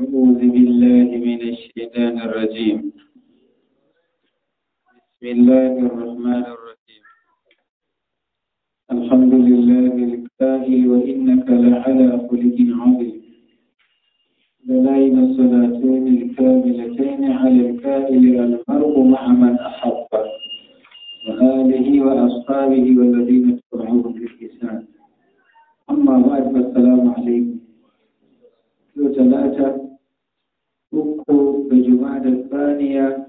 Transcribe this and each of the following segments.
أعوذ بالله من الشيطان الرجيم بسم الله الرحمن الرحيم الحمد لله الكائل وإنك لعلى خلق عظيم لدينا الصلاتين الكاملتين على الكائل المرء مع من أحبه وآله وأصحابه والذين تبعوه بالإحسان أما بعد فالسلام عليكم yau talata uku da juma'a da saniya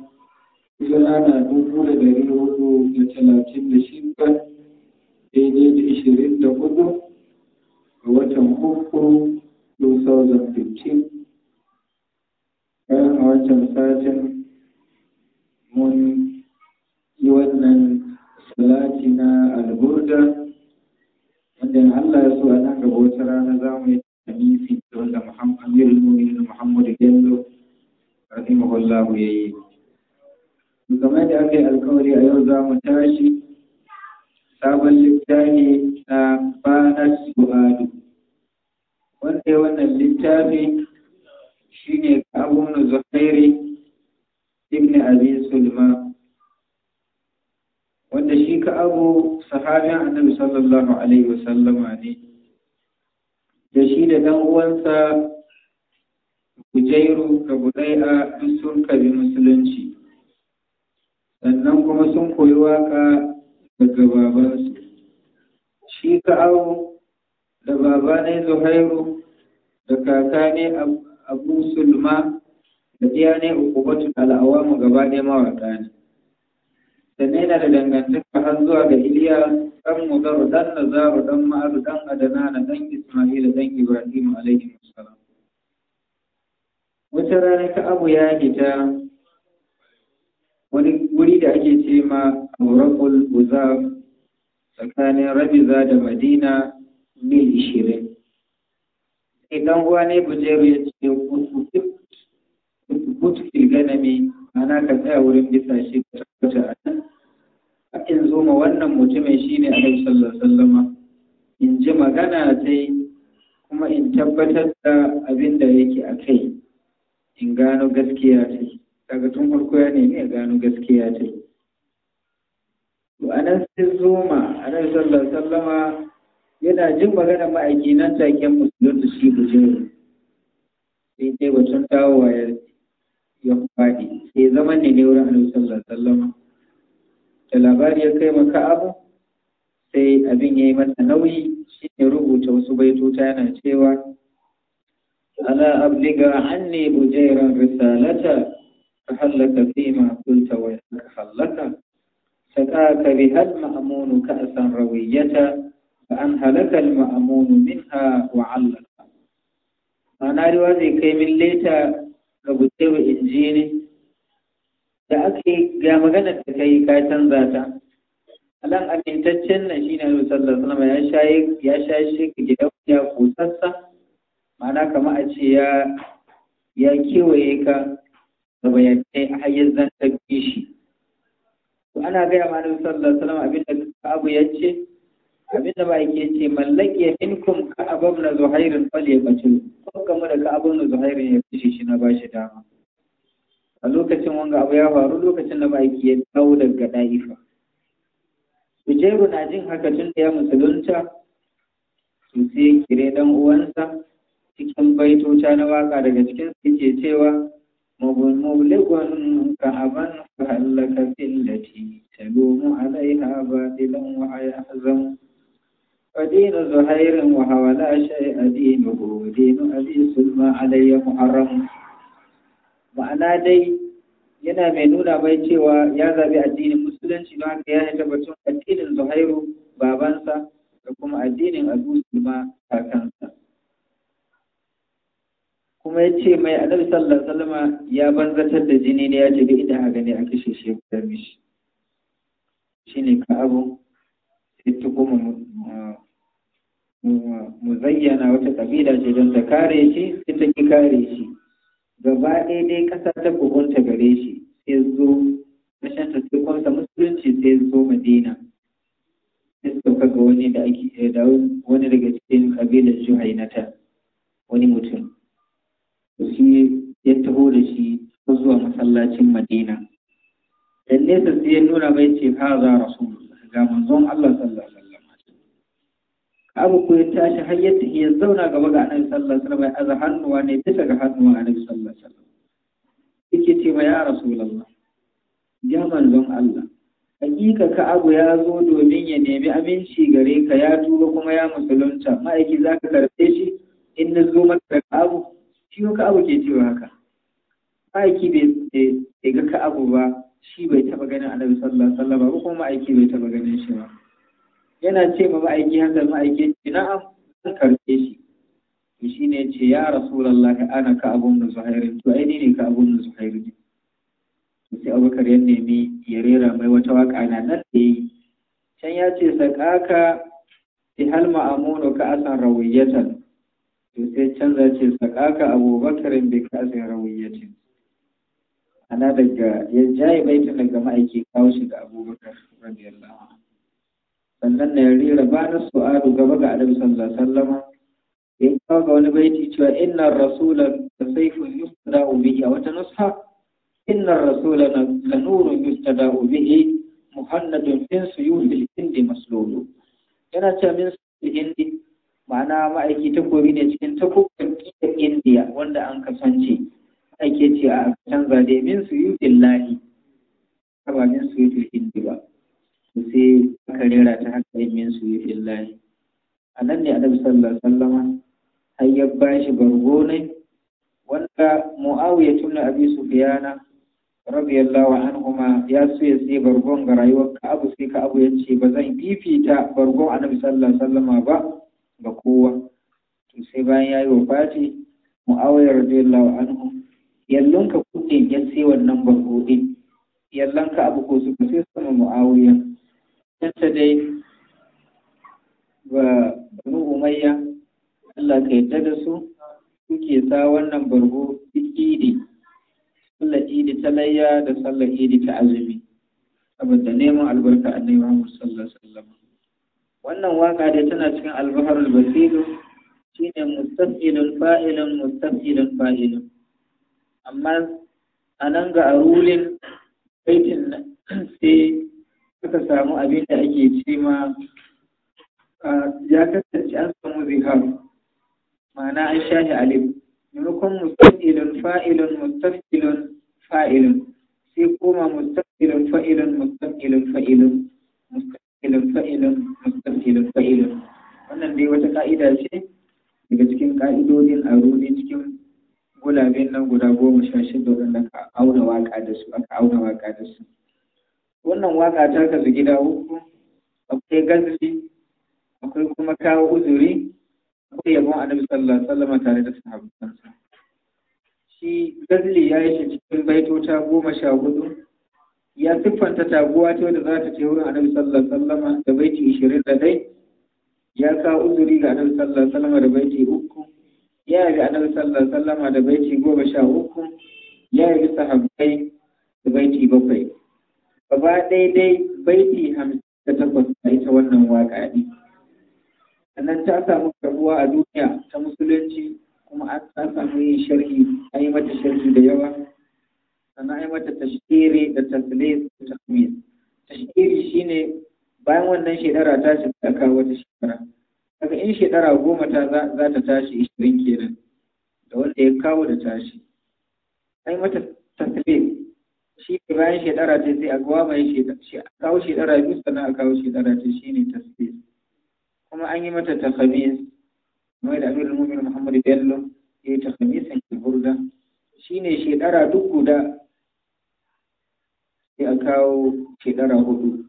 hijira na dubu da ɗari hudu da talatin da shida daidai da ishirin da hudu a watan uku 2015 bayan a watan satin mun yi wannan salati na alburda wanda Allah ya so a nan gaba wata rana za mu yi hadisi wanda ya amirul mu'minin muhammadu bello rahimahullahu yayi game da aka yi alƙawari a yau za mu tashi sabon littafi na banas buhari wanda wannan littafi shine kabun zuhairi ibn abi sulma wanda shi ka abu sahabin annabi sallallahu alaihi wasallama ne da shi da ɗan uwansa kujairu da Budai'a duk sun kabi musulunci sannan kuma sun koyi waka daga babansu shi ka ka'au da baba ne Zuhairu da kaka ne Abu Sulma da iya ne ukubatu al'awamu gaba ɗaya mawaƙa ne sannan yana da dangantaka har zuwa ga Iliya dan mudaru dan nazaru dan ma'ar dan adana na dan isma'ila dan ibrahim alaihi wasallam wata rana ka abu ya hita wani wuri da ake ce ma aurakul tsakanin rabiza da madina mil ishirin idan uwa ne bujeru ya ce kutu ganami ana ka tsaya wurin bisa shi ta tabbata a nan in zo ma wannan mutumin ne Annabi sallallahu alaihi wasallama in ji magana sai kuma in tabbatar da abin da yake a kai in gano gaskiya sai daga tun farko ya nemi ya gano gaskiya sai. to anan sai zo ma Annabi sallallahu alaihi wasallama yana jin magana ma'aiki nan musulun da shi bujiru sai dai batun dawowa ya faɗi sai zaman ne ne wurin Annabi sallallahu alaihi wasallama da labari ya kai maka abu sai abin ya yi masa nauyi shi ne rubuta wasu baituta yana cewa ala abliga anni bujairan risalata ka hallaka fi ma kulta wa ka hallaka saka ka bi hal ma'amunu ka san rawiyata fa an halaka al min minha wa allaka ana riwazi kai min leta ga bujairan injini da ake ga maganar da kai ka canza ta alan amintaccen nan shine ne sallallahu alaihi wasallam ya shaye ya shaye shi gidan ya kusassa ma'ana kamar a ce ya ya kewaye ka da bayanai a hayyan zan tabbi shi to ana gaya ma Annabi sallallahu alaihi wasallam abinda Abu ya ce abinda ba yake ce mallaki ya minkum ka ababna zuhairin fal ya bace ko kamar da ka na zuhairin ya kishi shi na bashi dama a lokacin wanga abu ya faru lokacin da ma'aiki ya dawo daga daifa Ujeru na jin haka tun da ya musulunta su sai kire dan uwansa cikin baitota na waka daga cikin su ke cewa mublighan ka aban fa wa yahzam فدين زهير وهو لا شيء دينه دين أبي سلمى علي محرم ma'ana dai yana mai nuna mai cewa ya zabi addinin musulunci don haka ya yi tabbatun addinin zuhairu babansa da kuma addinin abu sulma kakansa kuma ya ce mai annabi sallar alaihi ya banzatar da jini ne ya ce da idan a gani a kashe shi ya mishi shine ka abu ita kuma mu zayyana wata kabila ce don ta kare shi sai ta ki kare shi gaba ɗaya dai ƙasa ta ta gare shi sai zo ƙarshen ta sai kwamsa musulunci sai zo madina sai sauka ga wani da ake eh, dawo wani daga cikin kabilar juhainata wani mutum shi ya taho da shi zuwa masallacin madina da nesa sai ya nuna mai ce ha za rasu ga manzon Allah sallallahu alaihi wasallam abu ko ya tashi har ya tafi ya zauna gaba ga annabi sallallahu alaihi wasallam ya aza hannuwa ne bisa ga hannuwa annabi sallallahu alaihi wasallam yake ce ma ya rasulallah ya manzon Allah hakika ka abu ya zo domin ya nemi aminci gare ka ya tuba kuma ya musulunta ma'aiki za ka karfe shi in na zo maka da abu shi ka abu ke cewa haka ma'aiki bai ga ka abu ba shi bai taɓa ganin Annabi sallallahu alaihi wasallam ba kuma ma'aiki bai taɓa ganin shi ba yana ce ma ma'aiki haka ma'aiki na'am zan karfe shi shi ne ce ya rasulallah ana ka abun da zuhairin to aini ne ka abun da zuhairin to sai abubakar ya nemi ya rera mai wata waka na nan da yi can ya ce sakaka ti hal ma'amunu ka asan rawayyatan to sai canza ce sakaka abubakarin bi ka asan rawayyatan ana daga ya jaye baitin daga ma'aiki kawo shi ga abubakar radiyallahu anhu sannan na ya rera ba na su'adu gaba ga annabi sallallahu alaihi in ka ga wani baiti cewa inna rasula la sayfun yustada'u bihi a wata nusha inna rasula la nurun yustada'u bihi muhannadun fin suyufil hindi maslulu yana cewa min suyufil hindi ma'ana ma'aiki takobi ne cikin takobin indiya wanda an kasance ake ce a canza dai min su yi suyufil lahi ba min su suyufil hindi ba sai aka rera ta haka min su yi suyufil lahi a nan ne annabi sallallahu alaihi wasallama har ya shi bargo ne wanda muawiya tun abi sufyana radiyallahu ma ya so ya sai bargon ga rayuwar abu sai abu ya ce ba zan fifita bargon annabi sallallahu alaihi wasallama ba ga kowa to sai bayan yayi wafati muawiya radiyallahu anhu yallon ka kudin ya sai wannan bargo din yallon ka abu ko suka sai sama muawiya tanta dai wa banu umayya Allah ka yadda da su suke sa wannan bargo idi sallar idi ta layya da sallar idi ta azumi saboda neman albarka annabi Muhammad sallallahu alaihi wasallam wannan waka dai tana cikin al-baharul basiru shine mustafilun fa'ilun mustafilun fa'ilun amma anan ga arulin baitin sai aka samu abin da ake ce ma ya kasance an samu zihar ma'ana an shahi alif maimakon mustafilun fa'ilun mustafilun fa'ilun sai koma mustafilun fa'ilun mustafilun fa'ilun mustafilun fa'ilun mustafilun fa'ilun wannan dai wata ka'ida ce daga cikin ka'idodin aro ne cikin gulaben nan guda goma sha shida waɗanda ka auna waka da su aka auna waka da su wannan waka ta kasu gida uku akwai gazi akwai kuma kawo uzuri akwai yabon annabi sallallahu alaihi wasallam tare da sahabbansa shi gazli ya yi shi cikin baitota goma sha hudu ya siffanta taguwa ta wadda za ta ce wurin annabi sallallahu alaihi wasallam da baiti ishirin da dai ya kawo uzuri ga annabi sallallahu alaihi wasallam da baiti uku ya yi ga annabi sallallahu alaihi wasallam da baiti goma sha uku ya yi sahabbai da baiti bakwai gaba daidai baiti hamsin da takwas a ita wannan waƙa ne sannan ta samu karbuwa a duniya ta musulunci kuma an ta samu yin sharhi an yi mata sharhi da yawa sannan an yi mata tashkiri da taslis da tahmid tashkiri shine bayan wannan shekara ta shi ta kawo wata shekara daga in shekara goma ta za ta tashi ishirin kenan da wanda ya kawo da tashi an yi mata taslis shi ne bayan shekara ce sai a kawo mai shekara kawo shekara biyu sannan a kawo shekara ce shine taslis kuma an yi mata takhabis mai da amirul mu'min Muhammad Bello ya yi takhabisan burda shine shekara duk guda sai a kawo shekara hudu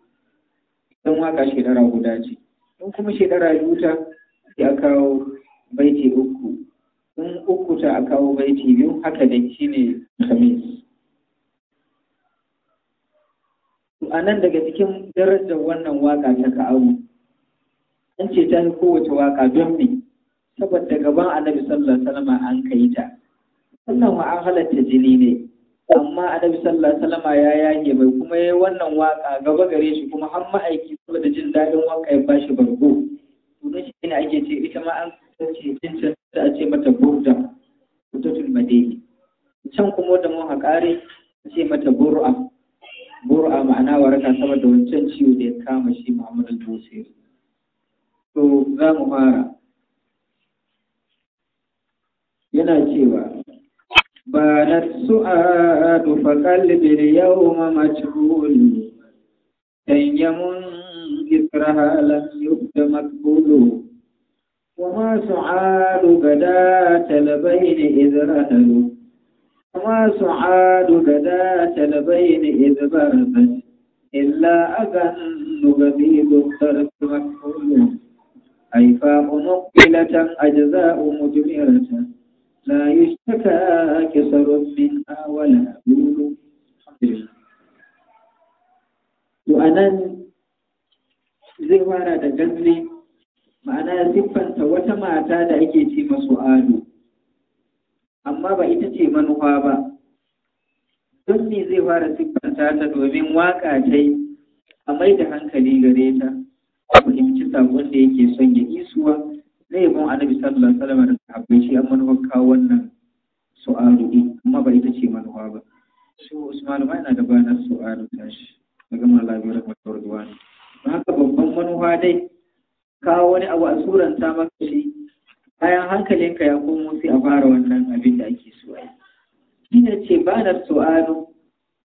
idan waka shekara guda ce in kuma shekara biyu ta sai a kawo baiti uku in uku ta a kawo baiti biyu haka da shine takhabis a nan daga cikin darajar wannan waka ta ka'awu an ce ta kowace waka don me saboda gaban annabi sallallahu alaihi wasallam an kai ta wannan wa an halatta jini ne amma annabi sallallahu alaihi ya yage bai kuma yayi wannan waka gaba gare shi kuma har ma'aiki saboda jin daɗin waka ya bashi barko to ne shi ne ake ce ita ma an ce cincin da a ce mata burda kutatul madini can kuma da mun a ce mata bur'a bur'a ma'ana waraka saboda wancan ciwo da ya kama shi Muhammadu Dusir to za mu fara yana cewa ba na su'adu fa yau yawma majhul ay yamun israha lam da maqbulu wa ma su'adu gada talbayn izrahu wa ma su'adu gada talbayn izbarat illa agan nugabi dukhtar أيفام مقبلة أجزاء مدمرة لا يشتكى كسر منها ولا دول to zai fara da ganne ma'ana siffanta wata mata da ake ce masu ado amma ba ita ce manufa ba ganne zai fara siffanta ta domin waka ta a mai da hankali gare ta a fahimci sakon da yake son ya isuwa na yabon annabi sallallahu alaihi wasallam da sahabbai shi an manufar kawo wannan su'alu din amma ba ita ce manufa ba su usman ma yana da bana su'alu tashi daga mun labi rahmatul ridwan don haka babban manufa dai kawo wani abu a ta maka shi bayan hankalinka ya komo sai a fara wannan abin da ake so ai shi ne ce banar su'alu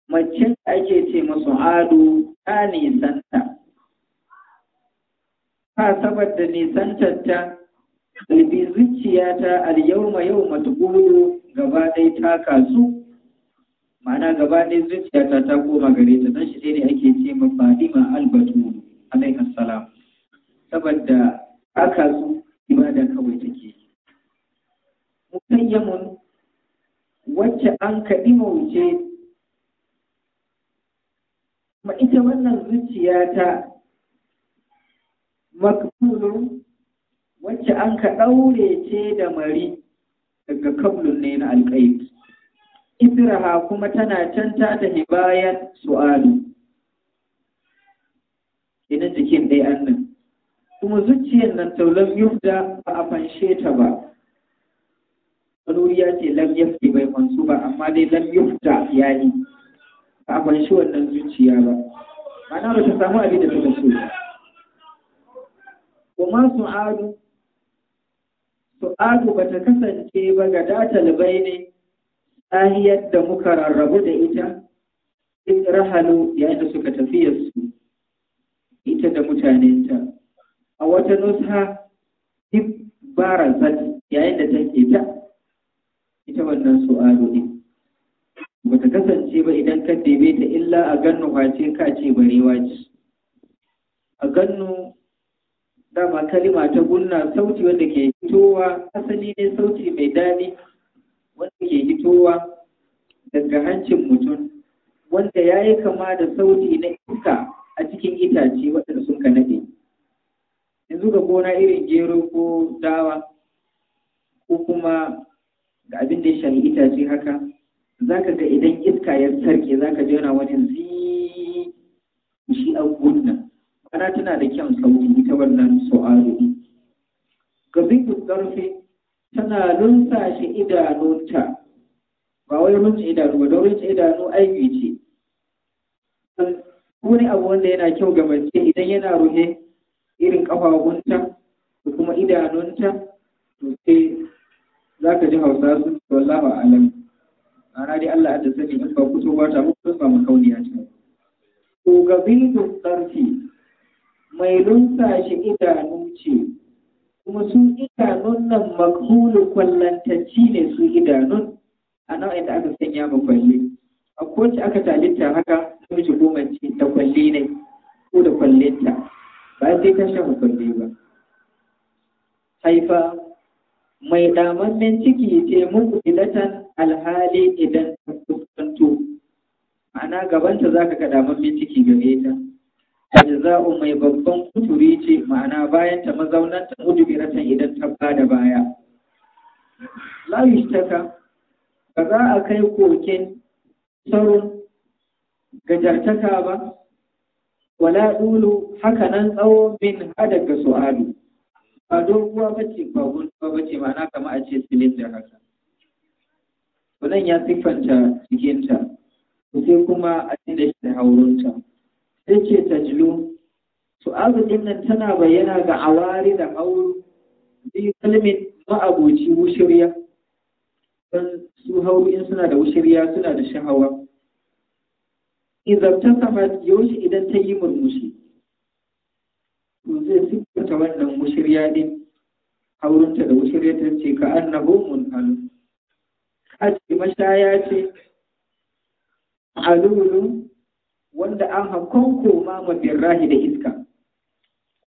macen da ake ce masu ado ta nisanta ha saboda nisan ta ɗabi zuciyata al-yawma yawma gaba ɗaya ta kasu ma'ana gaba ɗaya zuciyata ta koma gare ta nan shi ne ake ce ma baɗi ma albatu alaihi salam saboda ta kasu ibada kawai take mukayyamun wacce an kaɗi mawuce ma ita wannan zuciyata maktulun wacce an ka ɗaure ce da mari daga kablun ne na alƙaid idraha kuma tana canta da bayan su'alu idan jikin ɗaya annan kuma zuciyar nan taulan yufda ba a fanshe ta ba ya ce lam yafti bai mansu ba amma dai lam yufta ya yi ba a fanshi wannan zuciya ba ma'ana ba ta samu abin da ta so kuma su'adu su'adu ba ta kasance ba ga datal ne tsahiyar da muka rarrabu da ita in rahalu yayin da suka tafi su ita da mutanenta a wata nusha duk zai yayin da take ta ita wannan su'adu ne ba ta kasance ba idan ka debe ta illa a gannu ce ka ce barewa ce a gannu dama kalima ta gunna sauti wanda ke hitowa asali ne sauti mai daɗi wanda ke hitowa daga hancin mutum wanda ya yi kama da sauti na iska a cikin itace waɗanda sun ka naɗe yanzu ga gona irin gero ko dawa ko kuma ga abin da ya shafi itace haka za ka ga idan iska ya sarke za ka ji wani zi shi a gunna ana tana da kyan sauti ita wannan su'adu gazibu zarfi tana lunsa shi idanunta ba wai rinci idanu ba don rinci idanu aiki ce wani abu wanda yana kyau ga mace idan yana ruhe irin ƙafafunta da kuma idanunta to sai za ka ji hausa sun wallahu alam ana dai Allah da sani in ba fito ba ta muku samu kauniya ce to gazibu zarfi mai lunsa shi idanu ce kuma sun idanun nan makhulu kwallantacci ne su idanun a nau'in da aka sanya ma kwalli? a kowace aka talinta haka namiji goma ce ta kwalli ne ko da kwallinta? ba sai ta sha kwalli ba haifa mai damammen ciki ce muku idatan alhali idan ta fuskanto ma'ana gabanta za ka ga damammen ciki gare ta tajza'u mai babban kuturi ce ma'ana bayan ta mazaunan ta idan ta bada baya la ka, ba za a kai koken saurin gajartaka ba wala dulu haka nan tsawo min hada ga su'adu ba doguwa bace ba gunduwa bace ma'ana kama a ce silinda haka wannan ya siffanta cikinta sai kuma a da shi da haurunta yake tajlu to arzikin nan tana bayyana ga awari da hauru bi kalmin ma'abuci wushirya. don su in suna da wushirya suna da shahawa idan ta sama yaushe idan ta yi murmushi to zai siffata wannan wushiriya din ta da wushiriya ta ce ka annahu munhalu a ce mashaya ce A alulu wanda an hakon koma ma birrahi da iska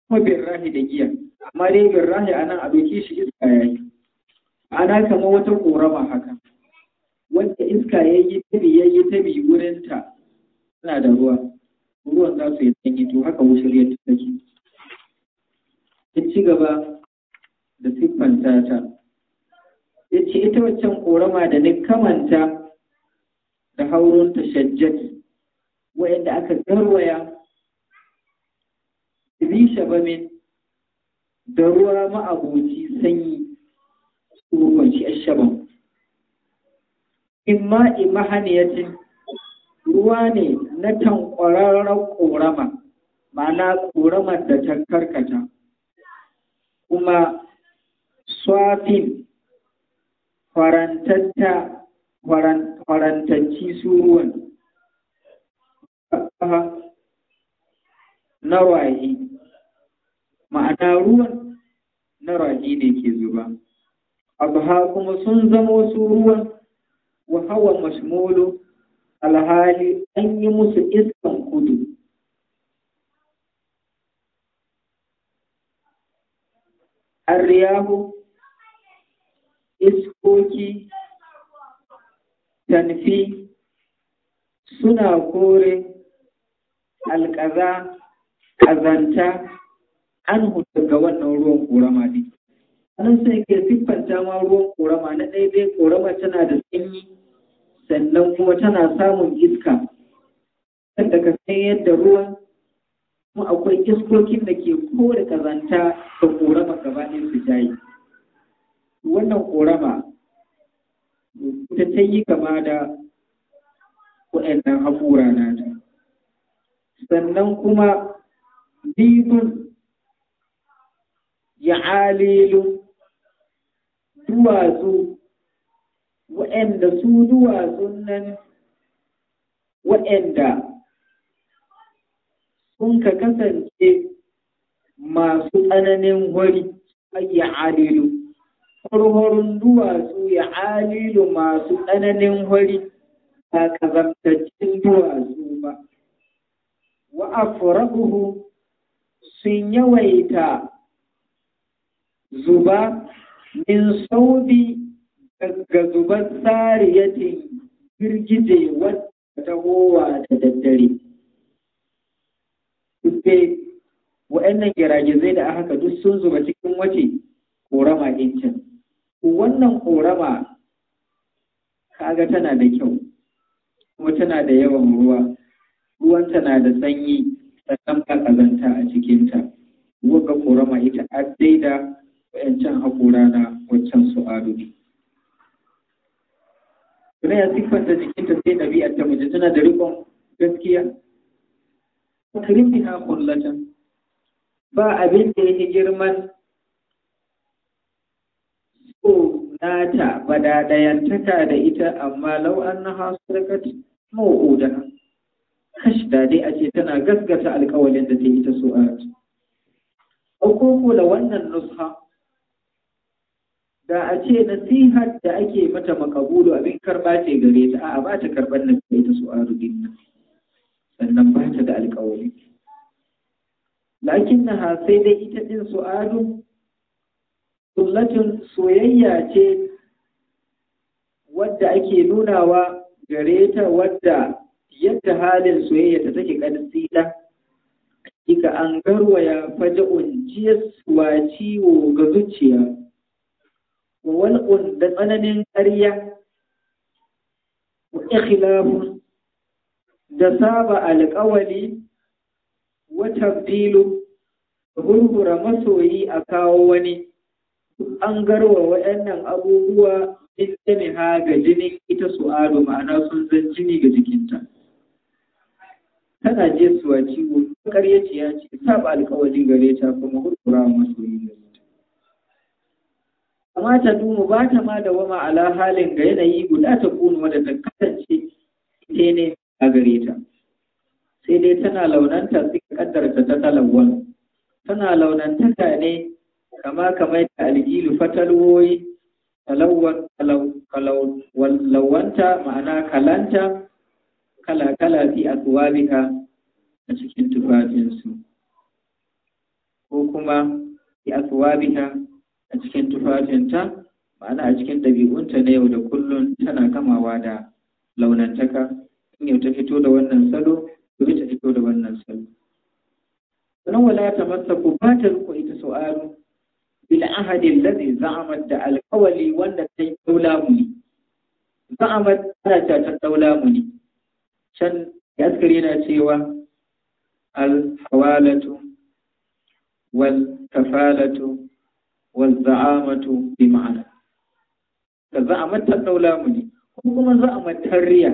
kuma birrahi da giya amma dai birrahi a nan a doke shi iska ya yi ana kama wata korama haka wanda iska ya yi tabi ya yi tabi wurinta tana da ruwa ruwan za su yi tsanyi to haka wushir ya tafi. ya ci gaba da siffanta ta ya ci ita waccan korama da ni kamanta da haurinta shajjati wa'inda aka garwaya bi shabamin da ruwa ma'aboci sanyi su kwanci a shaban imma imahaniyatin ruwa ne na tankwararren ƙorama ma'ana korama da ta karkata kuma swafin kwarantacci su ruwan na rahi ma'ana ruwan na rahi ne ke zuba abha kuma sun zama su ruwan wa hawa mashmulu alhali an yi musu iskan kudu arriyahu iskoki tanfi suna kore alƙaza ƙazanta an ga wannan ruwan ƙorama ne nan sai ke siffanta ma ruwan ƙorama na dai-dai ƙorama tana da sanyi sannan kuma tana samun iska sanda ka san yadda ruwan kuma akwai iskokin da ke kore ƙazanta da ƙorama gaba ɗaya su jayi wannan korama ta ta yi kama da waɗannan haƙura na ta sannan kuma didun ya alilu duwatsu wa'anda su duwatsun nan wa'anda sun ka kasance masu tsananin wari ya alilu horhorin duwatsu ya alilu masu tsananin wari a kazantaccen duwatsu wa afrahu sun yawaita zuba min saudi daga zubar tsariyatin girgije wadda ta howa da daddare. Dubbe wa'annan giragizai da haka duk sun zuba cikin wace korama incin. Wannan korama kaga tana da kyau kuma tana da yawan ruwa ruwanta na da sanyi sannan ba ƙazanta a cikinta wagga korama ita a da wayancan haƙora na waccan su adubi Tuna ya da jikinta sai ɗabi'ar ta mace tana da riƙon gaskiya. Wata rufi ha kullatan ba abin da yake girman so nata ba da da ita amma lau an na hasu da ma'u'udaha hashda dai a ce tana gasgata alkawalin da ta yi ta su'ad ko da wannan nusha da a ce nasihar da ake mata makabulu abin karba ce gare ta a'a ba ta karban nan yi ta su'adu din sannan ba ta da alkawali lakin na sai dai ita ɗin su'adu sullatin soyayya ce wadda ake nunawa gare ta wadda yadda halin soyayya ta take ƙarfila ika an garwaya faja'un suwa ciwo ga zuciya wal'un da tsananin ƙarya wa ikhlafun da saba alƙawali wa tabdilu gurgura masoyi a kawo wani an garwa waɗannan abubuwa in ta ga jinin ita su ma'ana sun zan jini ga jikinta. tana jesuwa kiwo ya ce ba alkawari gare ta kuma hurkura masoyi amma ta dumu ba ta ma da wama ala halin ga yanayi guda ta kunu wadda ta kasance ita ne a gare ta sai dai tana launanta ka kaddarta ta talawwan tana launantaka ne kama kamar da aljilu fatalwoyi talawwanta ma'ana kalanta kala-kala fi aswabika a cikin tufafinsu ko kuma fi aswabika a cikin tufafinta ma'ana a cikin ɗabi'unta na yau da kullum tana kamawa da launantaka in yau ta fito da wannan salo gobe ta fito da wannan salo sannan wala ta masa ku ba ta riko ita su'aru bil ahadin ladhi za'amat da alkawali wanda ta yi daula muni. za'amat ta ta daula muni. can yaskar yana cewa alhawalatu wal kafalatu wal za'amatu bi ma'ana ka za'amantar daula mu ne kuma kuma manta riya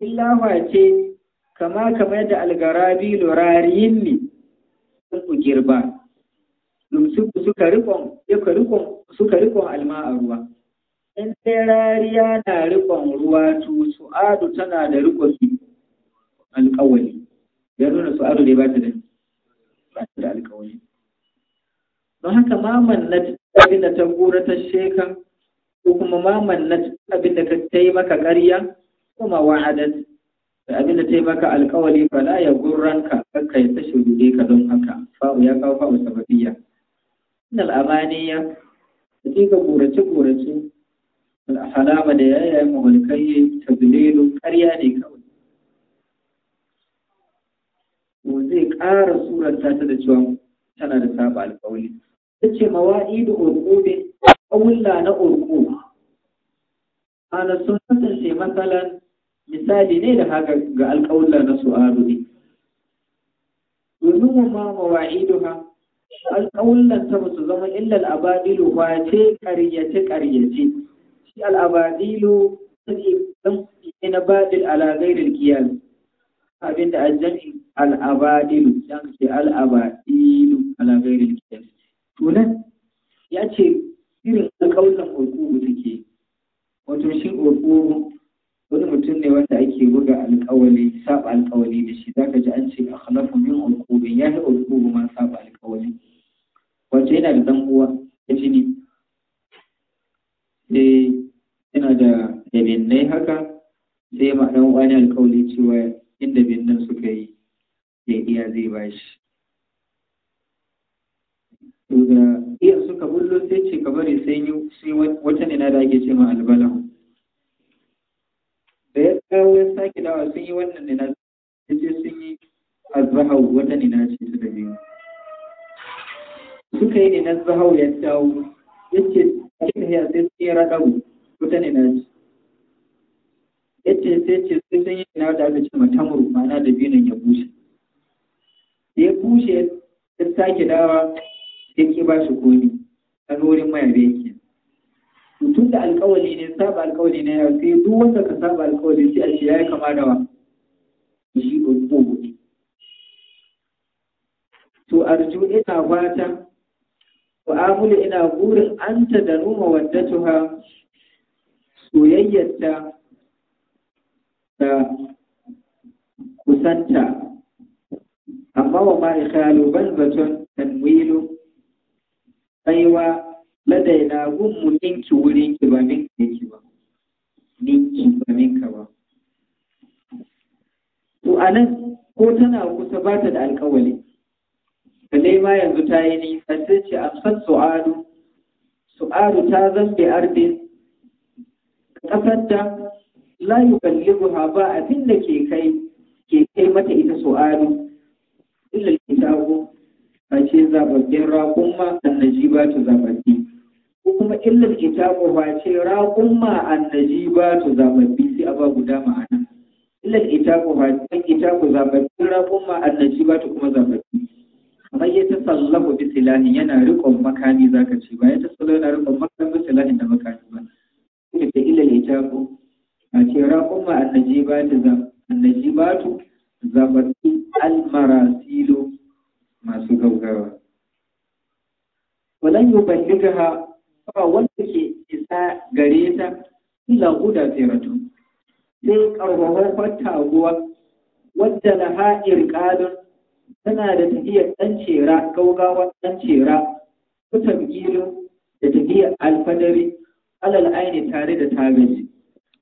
illawa ce kama kamar da algarabi lurariyin ne sun ku girba suka rikon suka rikon alma a ruwa in sai rariya na rikon ruwa tutu su'adu tana da su alƙawari. ya nuna su'adu dai ba ta da ba ta da alƙawari. don haka maman na abin da ta gura ta sheka ko kuma maman na abin da ka yi maka ƙarya kuma wa'adat da abin da ta yi maka alƙawari fa la ya ka kakka ya tashi ka don haka fa'u ya kawo fa'u sababiyya innal amaniya da ka gorace gorace alhalama da yayayen ta taglilu ƙarya ne kawai ko zai ƙara surarta ta da cewa tana da saba alƙawuli. ta ce mawa'i da orko ne ƙawulla na urku ana sun kasance matsalan misali ne da haka ga alƙawulla na su'adu ne domin wa ma mawa'i duha alƙawullan ta ba su zama illal abadilu ba ce ƙaryace ƙaryace في al'abadilu suke ɗan ne na badil ala Abinda kiyami abin da aljami al'abadilu ya ce al'abadilu ala gairin kiyami to nan ya ce take shi wani mutum ne wanda ake buga alkawali saba alkawali da shi zaka ji an ce a khalafu min urkubin ya yi urkubu ma saba alkawali wato yana da dan uwa ya jini sai yana da binnai haka sai ma ɗan wani alkawali cewa inda binnan suka yi ya iya zai ba shi da iya suka bullo sai ce ka bari sai yi sai wata na da ake ce ma albalahu da ya kawo ya sake dawa sun yi wannan na sai ce sun yi zahau wata na ce su da biyu suka yi na zahau ya dawo yace tahiya sai sun yi raɗau wuta ne na ji yace sai ce sai sun yi na da aka ce ma tamuru ma'ana da binin ya bushe ya bushe ta sake dawa sai ke ba shi komi a wurin mayabe yake mutum da alkawali ne saba alkawali ne ya sai duk wanda ka saba alkawali sai a ce ya yi kama da wa shi ko to arju ina fata wa ina burin an ta da nuna wadda tuha soyayyarta da kusanta amma wa ma ikhalu bal batun tanwilu ladai na gun ninki wurin ki ba min ki ba ninki ba min ka ba to anan ko tana kusa ba ta da alƙawari. ma yanzu ta yi nisa ta ce san su'adu, su'adu ta zambe arbin, ƙasar da layu kallibu ha ba abin da ke kai ke kai mata ita su'adu, ke kitabu ba ce zababbin ma annaji ba ta zababbi. Ko kuma ke kitabu ba ce ma annaji ba ta zababbi sai a ba guda ma'ana. ke kitabu ba ce raƙun ma annaji ba ta kuma zababbi. kamar ya ta sallahu bi silahin yana rikon makami zaka ce ba ya ta sallahu yana rikon makami bi silahin da makami ba kuma ta ila ya ta ko a ce raƙon ma annajibatu annajibatu zabati almarasilu masu gaugawa walan yuballigha ba wanda ke isa gare ta illa guda tsiratun sai ƙarfafafar taguwa wadda laha irƙadun tana da tafiyar ɗan cera gaugawan ɗan cera ku tamkirin da tafiyar alfadari alal aini tare da tagaji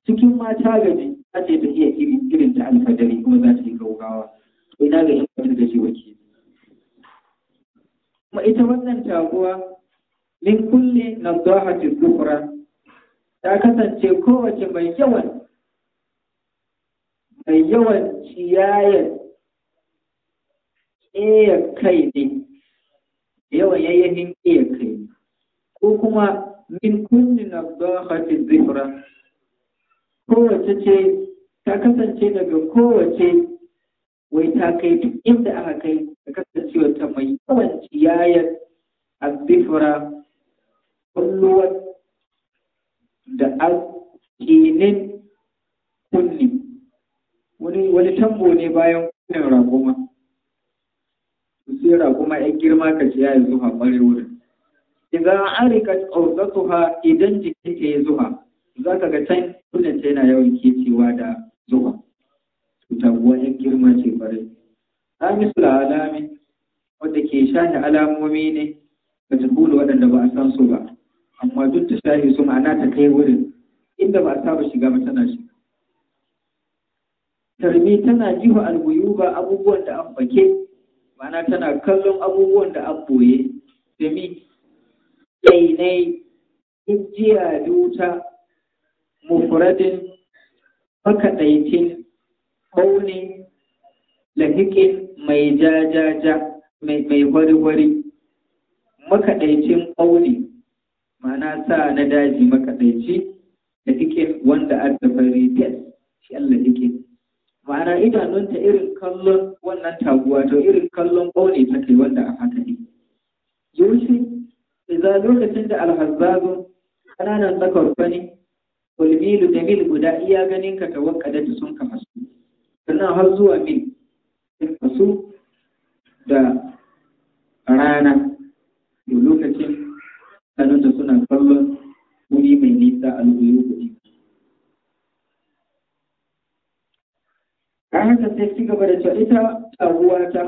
cikin ma tagaji za ta yi tafiya irin ta alfadari kuma za ta yi gaugawa ina ga shi da shi wake kuma ita wannan taguwa min kulli nadahatin dukura ta kasance kowace mai yawan mai yawan ciyayen iya kai ne yawan yayyahin iya kai ko kuma min kunni na zahatin zifra kowace ce ta kasance daga kowace wai ta kai duk inda aka kai ta kasance ta mai yawan ciyayar azifra kulluwar da alƙinin kunni wani tambo ne bayan kunnen ragoma tsira kuma ya girma ka ciya ya zuwa bare wurin idan arikat awdatuha idan jikinta ya za zaka ga can kullanta yana yawan kecewa da zuwa. zuha taguwa ya girma ce bare amisul alami wanda ke shahi alamomi ne ga jahulu waɗanda ba a san su ba amma duk ta shahi su ma'ana ta kai wurin inda ba a saba shiga ba tana shiga tarmi tana jihu alguyuba abubuwan da an bake. ma'ana tana kallon abubuwan da an boye domin ɗainai ijiya da wuta mufradin makaɗaitin ɓaune lahikin mai jajaja mai gwari-gwari makaɗaicin ɓaune ma'ana sa na daji makaɗaici da wanda aka fari shi Allah ma'ana idanunta irin kallon wannan taguwa to irin kallon ƙone ta kai wanda a haka ne yaushe iza lokacin da alhazzazo ƙananan tsakar fani kulmilu da mil guda iya ganin ka tawakkada ta sun kama su sannan har zuwa mil sun kasu da rana lokacin da suna kallon wuri mai nisa al'uyu kayan ka sai ci gaba da cewa ita taguwa ta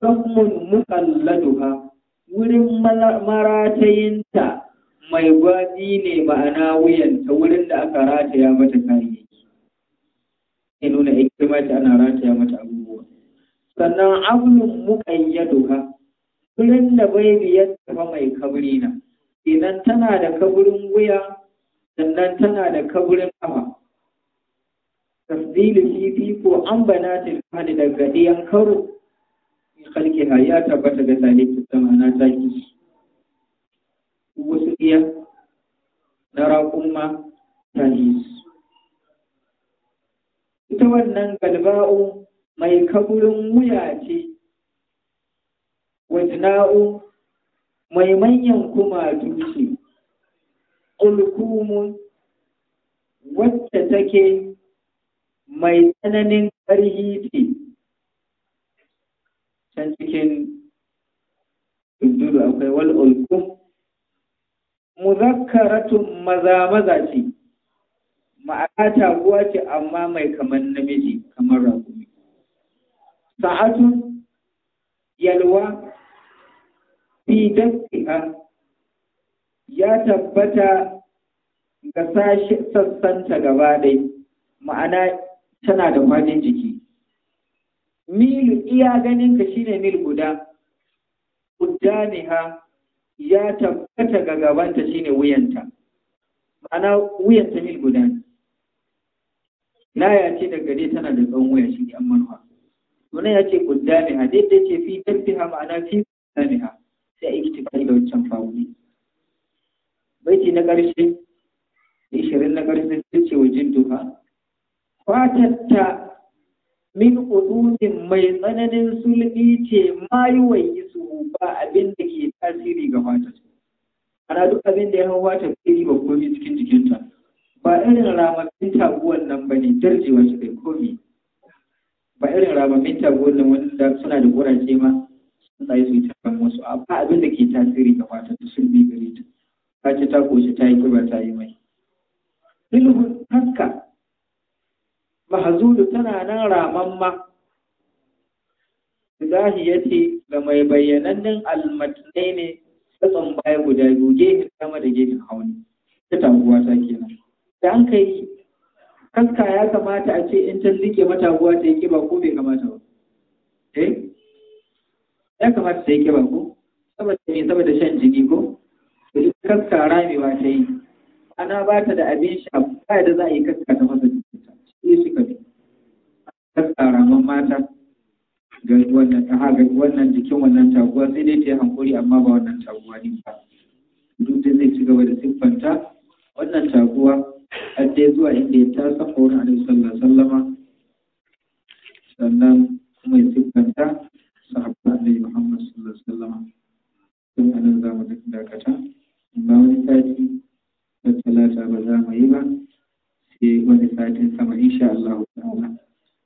gammun muƙalladuha wurin maratayinta mai gwadi ne ma'ana ta, wurin da aka rataya mata kayayyaki ya nuna ta ana rataya mata abubuwa sannan abulun mukayyaduka wurin da bai biyar tafa mai kabri na idan tana da kaburin wuya sannan tana da kaburin ƙafa tafdilu kifi ko an bana da daga an karo in halkiha ya tabbata ga ta sama na taki wasu iya na raƙumma ta ita wannan galba'u mai kaburin wuya ce wajina'u mai manyan kuma tushe ulkumun wacce take mai tsananin ƙarfi ce can cikin dudu akwai wal ulkum muzakkaratun maza maza ce ma'ana taguwa ce amma mai kamar namiji kamar rago sa'atu yalwa fi dafiha ya tabbata ga sassanta gaba ɗaya, ma'ana tana da faɗin jiki milu iya ganin ka shine mil guda ha ya tabbata ga gabanta shine wuyanta ma'ana wuyanta mil guda ne ya ce daga dai tana da tsawon waya shi an manuwa wani ya ce ha daidai ce fi ha ma'ana fi ha sai aiki kai da wancan fawuni baiti na ƙarshe 20 na ƙarshe sun ce wa jin fatatta min ƙudurin mai tsananin sulɓi ce mayuwan su ba abin da ke tasiri ga fatar ana duk abin da ya hau wata fili ba komi cikin jikinta ba irin ramamin taguwan nan ba ne darje wasu da komi ba irin ramamin taguwan nan wanda suna da ƙorace ma sun tsaye su yi tafan wasu ba abin da ke tasiri ga fatar sun bi gare ta ta ce ta koshi ta yi kuma ta yi mai. Ilhun haska mahazudu tana nan ramamma ce ga mai bayyanannin almatinai ne tsatson baya guda biyu gefen sama da gefen hauni ta tanguwa ta kenan da an kai kaska ya kamata a ce in can rike mataguwa ta yi kiba ko bai kamata ba eh ya kamata ta yi kiba ko saboda me saboda shan jini ko to ita kaska ramewa ta yi ana ba ta da abin sha ba da za a yi kaska ta masa jikinta shi shi ka tsaraman mata ga wannan wannan jikin wannan taguwa sai dai ta yi hankuri amma ba wannan taguwa ne ba duk da zai ci gaba da siffanta wannan taguwa har dai zuwa inda ya tasa wurin alaihi sallallahu sallama sannan kuma ya siffanta sahabba alaihi muhammad sallallahu sallama sun nan za mu dakata ba wani sati na talata ba za mu yi ba sai wani satin sama insha Allah ta'ala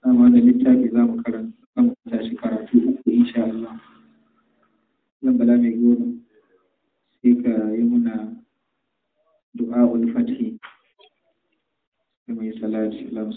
dama da littafi za mu karanta shi karatu uku insha Allah zan bala mai goro sai ka yi muna du'a ul da mai salati Allahu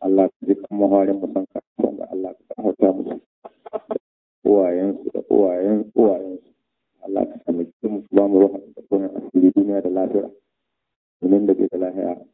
Allah ka ji kuma maharin mu ka ga Allah ka hauta musu su da uwayen su Allah ka sami jikin musu ba mu ruwa da kuma asiri duniya da lafiya domin da ke da lafiya